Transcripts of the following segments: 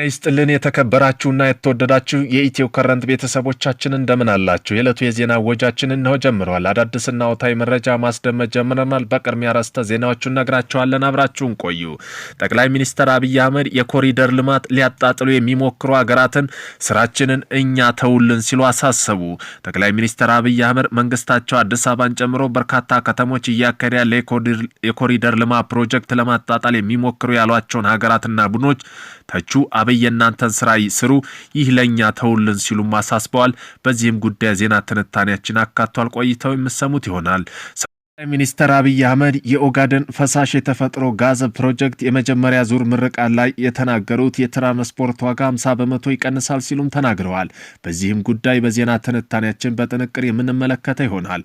ጤና ይስጥልን የተከበራችሁና የተወደዳችሁ የኢትዮ ከረንት ቤተሰቦቻችን እንደምን አላችሁ? የዕለቱ የዜና ወጃችን እነሆ ጀምረዋል። አዳዲስና ወቅታዊ መረጃ ማስደመጥ ጀምረናል። በቅድሚያ ርዕሰ ዜናዎቹን ነግራችኋለን። አብራችሁን ቆዩ። ጠቅላይ ሚኒስትር አብይ አህመድ የኮሪደር ልማት ሊያጣጥሉ የሚሞክሩ ሀገራትን ስራችንን እኛ ተውልን ሲሉ አሳሰቡ። ጠቅላይ ሚኒስትር አብይ አህመድ መንግስታቸው አዲስ አበባን ጨምሮ በርካታ ከተሞች እያካሄደ ያለ የኮሪደር ልማት ፕሮጀክት ለማጣጣል የሚሞክሩ ያሏቸውን ሀገራትና ቡድኖች ተቹ። አብይ የእናንተን ስራ ስሩ፣ ይህ ለእኛ ተውልን ሲሉም አሳስበዋል። በዚህም ጉዳይ ዜና ትንታኔያችን አካቷል። ቆይተው የምሰሙት ይሆናል። ጠቅላይ ሚኒስትር አብይ አህመድ የኦጋደን ፈሳሽ የተፈጥሮ ጋዝ ፕሮጀክት የመጀመሪያ ዙር ምርቃት ላይ የተናገሩት የትራንስፖርት ዋጋ 50 በመቶ ይቀንሳል ሲሉም ተናግረዋል። በዚህም ጉዳይ በዜና ትንታኔያችን በጥንቅር የምንመለከተ ይሆናል።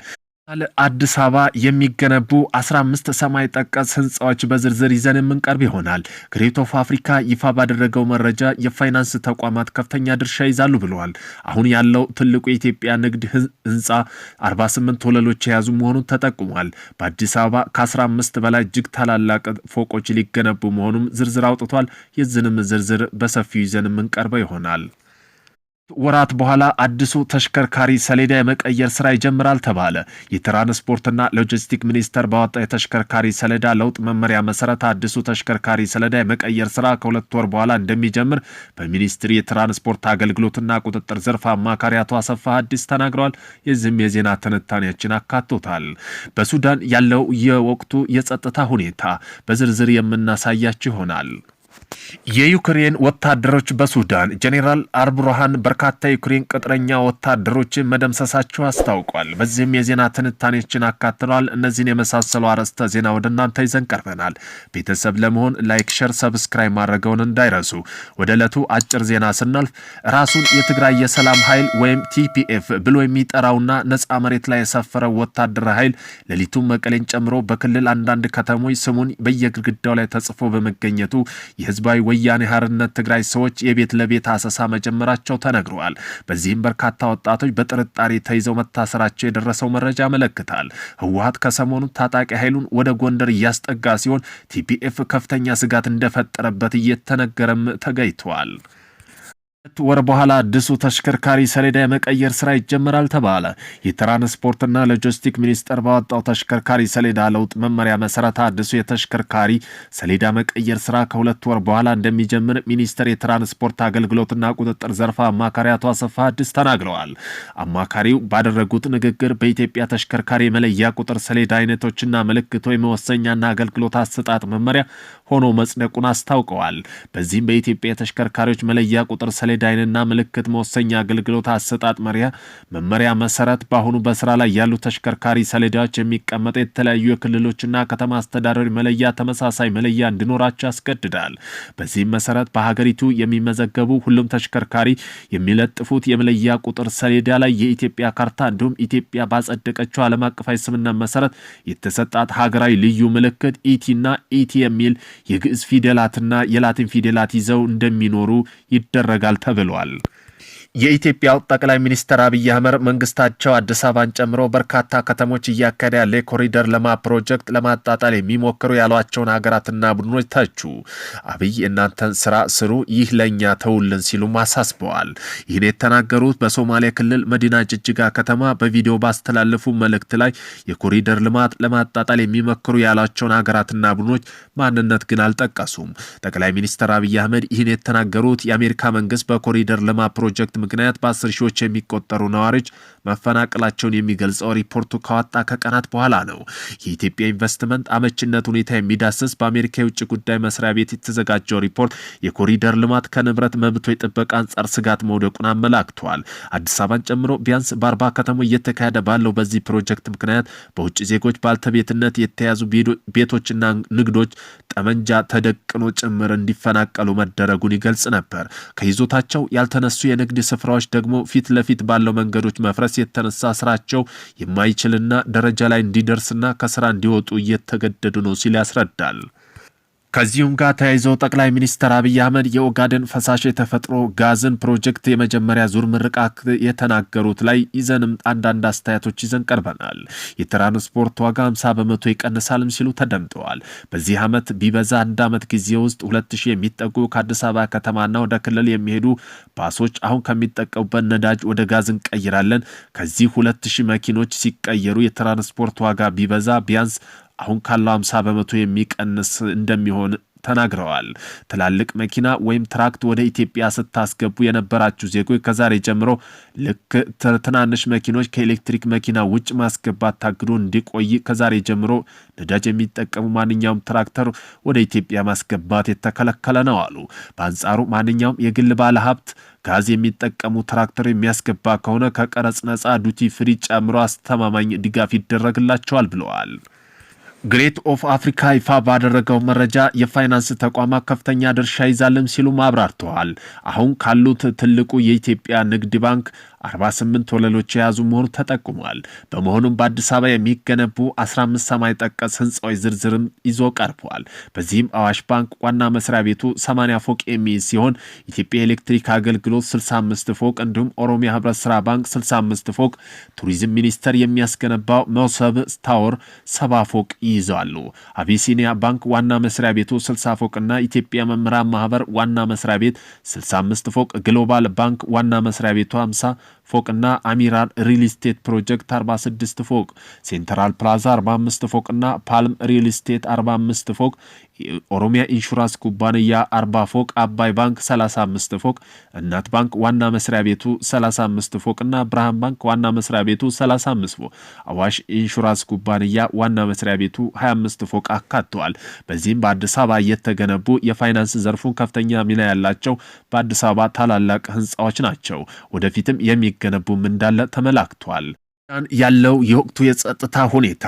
አዲስ አበባ የሚገነቡ 15 ሰማይ ጠቀስ ህንፃዎች በዝርዝር ይዘን የምንቀርብ ይሆናል። ግሬት ኦፍ አፍሪካ ይፋ ባደረገው መረጃ የፋይናንስ ተቋማት ከፍተኛ ድርሻ ይዛሉ ብለዋል። አሁን ያለው ትልቁ የኢትዮጵያ ንግድ ህንፃ 48 ወለሎች የያዙ መሆኑን ተጠቁሟል። በአዲስ አበባ ከ15 በላይ እጅግ ታላላቅ ፎቆች ሊገነቡ መሆኑም ዝርዝር አውጥቷል። የዝንም ዝርዝር በሰፊው ይዘን የምንቀርበው ይሆናል። ወራት በኋላ አዲሱ ተሽከርካሪ ሰሌዳ የመቀየር ስራ ይጀምራል ተባለ። የትራንስፖርትና ሎጂስቲክ ሚኒስቴር ባወጣ የተሽከርካሪ ሰሌዳ ለውጥ መመሪያ መሰረት አዲሱ ተሽከርካሪ ሰሌዳ የመቀየር ስራ ከሁለት ወር በኋላ እንደሚጀምር በሚኒስትር የትራንስፖርት አገልግሎትና ቁጥጥር ዘርፍ አማካሪ አቶ አሰፋ አዲስ ተናግረዋል። የዚህም የዜና ትንታኔያችን አካቶታል። በሱዳን ያለው የወቅቱ የጸጥታ ሁኔታ በዝርዝር የምናሳያችሁ ይሆናል። የዩክሬን ወታደሮች በሱዳን ጄኔራል አርብሮሃን በርካታ የዩክሬን ቅጥረኛ ወታደሮችን መደምሰሳቸው አስታውቋል። በዚህም የዜና ትንታኔዎችን አካትለዋል። እነዚህን የመሳሰሉ አርዕስተ ዜና ወደ እናንተ ይዘን ቀርበናል። ቤተሰብ ለመሆን ላይክ፣ ሸር፣ ሰብስክራይብ ማድረገውን እንዳይረሱ። ወደ ዕለቱ አጭር ዜና ስናልፍ ራሱን የትግራይ የሰላም ኃይል ወይም ቲፒኤፍ ብሎ የሚጠራውና ነፃ መሬት ላይ የሰፈረው ወታደራዊ ኃይል ሌሊቱን መቀሌን ጨምሮ በክልል አንዳንድ ከተሞች ስሙን በየግድግዳው ላይ ተጽፎ በመገኘቱ የህዝባዊ ወያኔ ሓርነት ትግራይ ሰዎች የቤት ለቤት አሰሳ መጀመራቸው ተነግረዋል። በዚህም በርካታ ወጣቶች በጥርጣሬ ተይዘው መታሰራቸው የደረሰው መረጃ ያመለክታል። ህወሀት ከሰሞኑ ታጣቂ ኃይሉን ወደ ጎንደር እያስጠጋ ሲሆን ቲፒኤፍ ከፍተኛ ስጋት እንደፈጠረበት እየተነገረም ተገኝተዋል። ሁለት ወር በኋላ አዲሱ ተሽከርካሪ ሰሌዳ የመቀየር ስራ ይጀምራል ተባለ። የትራንስፖርትና ሎጂስቲክ ሚኒስቴር ባወጣው ተሽከርካሪ ሰሌዳ ለውጥ መመሪያ መሰረት አዲሱ የተሽከርካሪ ሰሌዳ መቀየር ስራ ከሁለት ወር በኋላ እንደሚጀምር ሚኒስቴር የትራንስፖርት አገልግሎትና ቁጥጥር ዘርፍ አማካሪ አቶ አሰፋ አዲስ ተናግረዋል። አማካሪው ባደረጉት ንግግር በኢትዮጵያ ተሽከርካሪ የመለያ ቁጥር ሰሌዳ አይነቶችና ምልክት ወይም አገልግሎት አሰጣጥ መመሪያ ሆኖ መጽደቁን አስታውቀዋል። በዚህም በኢትዮጵያ የተሽከርካሪዎች መለያ ቁጥር ሰሌ ሰሌዳ ዓይንና ምልክት መወሰኛ አገልግሎት አሰጣጥ መሪያ መመሪያ መሰረት በአሁኑ በስራ ላይ ያሉ ተሽከርካሪ ሰሌዳዎች የሚቀመጠ የተለያዩ የክልሎችና ከተማ አስተዳደር መለያ ተመሳሳይ መለያ እንዲኖራቸው ያስገድዳል። በዚህም መሰረት በሀገሪቱ የሚመዘገቡ ሁሉም ተሽከርካሪ የሚለጥፉት የመለያ ቁጥር ሰሌዳ ላይ የኢትዮጵያ ካርታ እንዲሁም ኢትዮጵያ ባጸደቀችው ዓለም አቀፋዊ ስምምነት መሰረት የተሰጣት ሀገራዊ ልዩ ምልክት ኢቲና ኢቲ የሚል የግዕዝ ፊደላትና የላቲን ፊደላት ይዘው እንደሚኖሩ ይደረጋል ተብሏል። የኢትዮጵያው ጠቅላይ ሚኒስትር አብይ አህመድ መንግስታቸው አዲስ አበባን ጨምሮ በርካታ ከተሞች እያካሄደ ያለ የኮሪደር ልማት ፕሮጀክት ለማጣጣል የሚሞክሩ ያሏቸውን ሀገራትና ቡድኖች ተቹ። አብይ እናንተን ስራ ስሩ፣ ይህ ለእኛ ተውልን ሲሉም አሳስበዋል። ይህን የተናገሩት በሶማሌ ክልል መዲና ጅጅጋ ከተማ በቪዲዮ ባስተላለፉ መልእክት ላይ የኮሪደር ልማት ለማጣጣል የሚሞክሩ ያሏቸውን ሀገራትና ቡድኖች ማንነት ግን አልጠቀሱም። ጠቅላይ ሚኒስትር አብይ አህመድ ይህን የተናገሩት የአሜሪካ መንግስት በኮሪደር ልማት ፕሮጀክት ምክንያት በአስር ሺዎች የሚቆጠሩ ነዋሪዎች መፈናቀላቸውን የሚገልጸው ሪፖርቱ ከወጣ ከቀናት በኋላ ነው። የኢትዮጵያ ኢንቨስትመንት አመችነት ሁኔታ የሚዳስስ በአሜሪካ የውጭ ጉዳይ መስሪያ ቤት የተዘጋጀው ሪፖርት የኮሪደር ልማት ከንብረት መብቶ የጥበቃ አንጻር ስጋት መውደቁን አመላክቷል። አዲስ አበባን ጨምሮ ቢያንስ በአርባ ከተማ እየተካሄደ ባለው በዚህ ፕሮጀክት ምክንያት በውጭ ዜጎች ባልተቤትነት የተያዙ ቤቶችና ንግዶች ጠመንጃ ተደቅኖ ጭምር እንዲፈናቀሉ መደረጉን ይገልጽ ነበር። ከይዞታቸው ያልተነሱ የንግድ ስፍራዎች ደግሞ ፊት ለፊት ባለው መንገዶች መፍረስ ከመቀነስ የተነሳ ስራቸው የማይችልና ደረጃ ላይ እንዲደርስና ከስራ እንዲወጡ እየተገደዱ ነው ሲል ያስረዳል። ከዚሁም ጋር ተያይዘው ጠቅላይ ሚኒስትር አብይ አህመድ የኦጋደን ፈሳሽ የተፈጥሮ ጋዝን ፕሮጀክት የመጀመሪያ ዙር ምርቃት የተናገሩት ላይ ይዘንም አንዳንድ አስተያየቶች ይዘን ቀርበናል። የትራንስፖርት ዋጋ 50 በመቶ ይቀንሳልም ሲሉ ተደምጠዋል። በዚህ ዓመት ቢበዛ አንድ ዓመት ጊዜ ውስጥ 2000 የሚጠጉ ከአዲስ አበባ ከተማና ወደ ክልል የሚሄዱ ባሶች አሁን ከሚጠቀሙበት ነዳጅ ወደ ጋዝ እንቀይራለን። ከዚህ 2000 መኪኖች ሲቀየሩ የትራንስፖርት ዋጋ ቢበዛ ቢያንስ አሁን ካለው 50 በመቶ የሚቀንስ እንደሚሆን ተናግረዋል። ትላልቅ መኪና ወይም ትራክት ወደ ኢትዮጵያ ስታስገቡ የነበራችሁ ዜጎች ከዛሬ ጀምሮ ልክ ትናንሽ መኪኖች ከኤሌክትሪክ መኪና ውጭ ማስገባት ታግዶ እንዲቆይ ከዛሬ ጀምሮ ነዳጅ የሚጠቀሙ ማንኛውም ትራክተር ወደ ኢትዮጵያ ማስገባት የተከለከለ ነው አሉ። በአንጻሩ ማንኛውም የግል ባለሀብት ጋዝ የሚጠቀሙ ትራክተር የሚያስገባ ከሆነ ከቀረጽ ነጻ ዱቲ ፍሪ ጨምሮ አስተማማኝ ድጋፍ ይደረግላቸዋል ብለዋል። ግሬት ኦፍ አፍሪካ ይፋ ባደረገው መረጃ የፋይናንስ ተቋማት ከፍተኛ ድርሻ ይዛለም ሲሉም አብራርተዋል። አሁን ካሉት ትልቁ የኢትዮጵያ ንግድ ባንክ 48 ወለሎች የያዙ መሆኑ ተጠቁሟል። በመሆኑም በአዲስ አበባ የሚገነቡ 15 ሰማይ ጠቀስ ህንፃዎች ዝርዝርም ይዞ ቀርቧል። በዚህም አዋሽ ባንክ ዋና መስሪያ ቤቱ 80 ፎቅ የሚይዝ ሲሆን ኢትዮጵያ ኤሌክትሪክ አገልግሎት 65 ፎቅ እንዲሁም ኦሮሚያ ህብረት ስራ ባንክ 65 ፎቅ፣ ቱሪዝም ሚኒስቴር የሚያስገነባው መውሰብ ታወር 70 ፎቅ ይይዛሉ። አቢሲኒያ ባንክ ዋና መስሪያ ቤቱ 60 ፎቅና ኢትዮጵያ መምህራን ማህበር ዋና መስሪያ ቤት 65 ፎቅ፣ ግሎባል ባንክ ዋና መስሪያ ቤቱ 50 ፎቅና አሚራል ሪል ስቴት ፕሮጀክት 46 ፎቅ፣ ሴንትራል ፕላዛ 45 ፎቅና ፓልም ሪል ስቴት 45 ፎቅ፣ ኦሮሚያ ኢንሹራንስ ኩባንያ 40 ፎቅ፣ አባይ ባንክ 35 ፎቅ፣ እናት ባንክ ዋና መስሪያ ቤቱ 35 ፎቅና ብርሃን ባንክ ዋና መስሪያ ቤቱ 35 ፎቅ፣ አዋሽ ኢንሹራንስ ኩባንያ ዋና መስሪያ ቤቱ 25 ፎቅ አካተዋል። በዚህም በአዲስ አበባ የተገነቡ የፋይናንስ ዘርፉን ከፍተኛ ሚና ያላቸው በአዲስ አበባ ታላላቅ ህንፃዎች ናቸው። ወደፊትም የሚ እንደሚገነቡም እንዳለ ተመላክቷል። ያለው የወቅቱ የጸጥታ ሁኔታ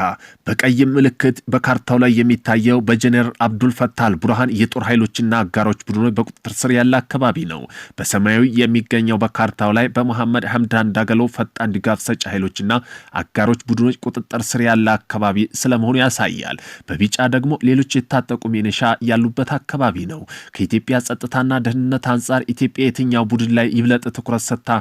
በቀይም ምልክት በካርታው ላይ የሚታየው በጀኔራል አብዱል ፈታል ቡርሃን የጦር ኃይሎችና አጋሮች ቡድኖች በቁጥጥር ስር ያለ አካባቢ ነው። በሰማያዊ የሚገኘው በካርታው ላይ በመሐመድ ሐምዳን ዳገሎ ፈጣን ድጋፍ ሰጪ ኃይሎችና አጋሮች ቡድኖች ቁጥጥር ስር ያለ አካባቢ ስለመሆኑ ያሳያል። በቢጫ ደግሞ ሌሎች የታጠቁ ሚኒሻ ያሉበት አካባቢ ነው። ከኢትዮጵያ ጸጥታና ደህንነት አንጻር ኢትዮጵያ የትኛው ቡድን ላይ ይብለጥ ትኩረት ሰጥታ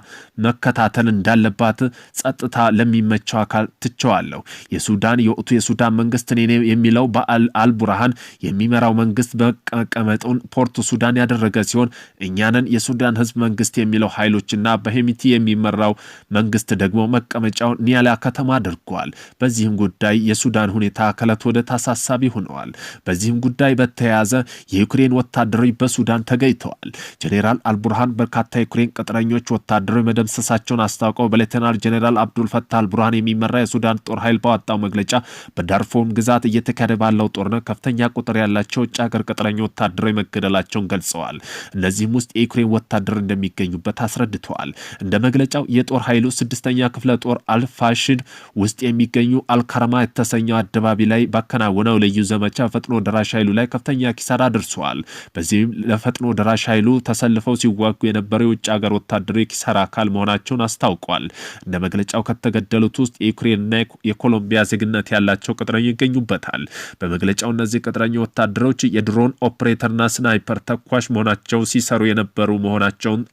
መከታተል እንዳለባት ጸጥታ ለሚመቸው አካል ትቸዋለሁ። የሱዳን የወቅቱ የሱዳን መንግስት እኔ የሚለው በአልቡርሃን የሚመራው መንግስት መቀመጡን ፖርት ሱዳን ያደረገ ሲሆን እኛንን የሱዳን ህዝብ መንግስት የሚለው ኃይሎችና በሄሚቲ የሚመራው መንግስት ደግሞ መቀመጫውን ኒያላ ከተማ አድርጓል። በዚህም ጉዳይ የሱዳን ሁኔታ ከዕለት ወደ ታሳሳቢ ሆነዋል። በዚህም ጉዳይ በተያያዘ የዩክሬን ወታደሮች በሱዳን ተገኝተዋል። ጄኔራል አልቡርሃን በርካታ የዩክሬን ቅጥረኞች ወታደሮች መደምሰሳቸውን አስታውቀው በሌተናል ጄኔራል አብዱል ፈታ አልቡርሃን የሚመራ የሱዳን ጦር ኃይል ባወጣው መግለጫ በዳርፎም ግዛት እየተካሄደ ባለው ጦርነት ከፍተኛ ቁጥር ያላቸው ውጭ ሀገር ቅጥረኛ ወታደሮች መገደላቸውን ገልጸዋል። እነዚህም ውስጥ የዩክሬን ወታደር እንደሚገኙበት አስረድተዋል። እንደ መግለጫው የጦር ኃይሉ ስድስተኛ ክፍለ ጦር አልፋሽን ውስጥ የሚገኙ አልካርማ የተሰኘው አደባቢ ላይ ባከናወነው ልዩ ዘመቻ ፈጥኖ ደራሽ ኃይሉ ላይ ከፍተኛ ኪሳራ ደርሰዋል። በዚህም ለፈጥኖ ደራሽ ኃይሉ ተሰልፈው ሲዋጉ የነበረው የውጭ ሀገር ወታደሮች የኪሳራ አካል መሆናቸውን አስታውቋል። እንደ መግለጫው ከተገ ከተገደሉት ውስጥ የዩክሬንና የኮሎምቢያ ዜግነት ያላቸው ቅጥረኞች ይገኙበታል። በመግለጫው እነዚህ ቅጥረኛ ወታደሮች የድሮን ኦፕሬተርና ስናይፐር ተኳሽ መሆናቸው ሲሰሩ የነበሩ መሆናቸውን